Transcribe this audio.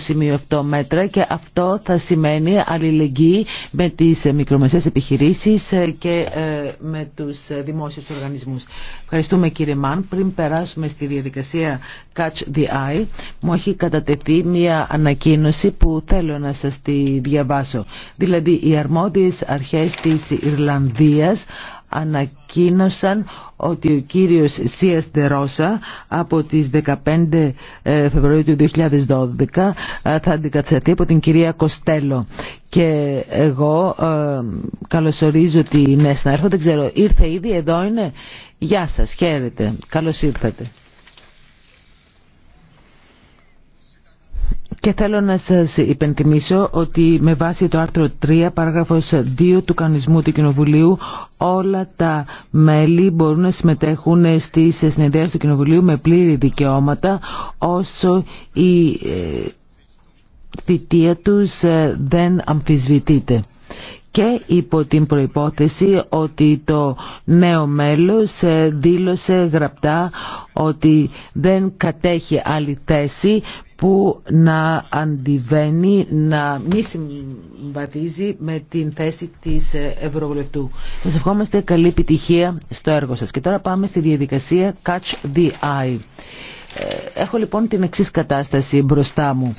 σημείο αυτό μέτρα και αυτό θα σημαίνει αλληλεγγύη με τις μικρομεσαίες επιχειρήσεις και ε, με τους δημόσιους οργανισμούς. Ευχαριστούμε κύριε Μαν. Πριν περάσουμε στη διαδικασία Catch the Eye, μου έχει κατατεθεί μια ανακοίνωση που θέλω να σας τη διαβάσω. Δηλαδή οι αρμόδιες αρχές της Ιρλανδίας ανακοίνωσαν ότι ο κύριος Σίας Ντερόσα από τις 15 ε, Φεβρουαρίου του 2012 ε, θα αντικατσαθεί από την κυρία Κοστέλο και εγώ ε, καλωσορίζω την ναι, δεν ξέρω, ήρθε ήδη, εδώ είναι. Γεια σας, χαίρετε, καλώς ήρθατε. Και θέλω να σας υπενθυμίσω ότι με βάση το άρθρο 3 παράγραφος 2 του κανονισμού του Κοινοβουλίου όλα τα μέλη μπορούν να συμμετέχουν στις συνεδρίες του Κοινοβουλίου με πλήρη δικαιώματα όσο η ε, θητεία τους ε, δεν αμφισβητείται και υπό την προϋπόθεση ότι το νέο μέλος ε, δήλωσε γραπτά ότι δεν κατέχει άλλη θέση που να αντιβαίνει, να μη συμβαδίζει με την θέση της Ευρωβουλευτού. Σας ευχόμαστε καλή επιτυχία στο έργο σας. Και τώρα πάμε στη διαδικασία Catch the Eye. Ε, έχω λοιπόν την εξής κατάσταση μπροστά μου.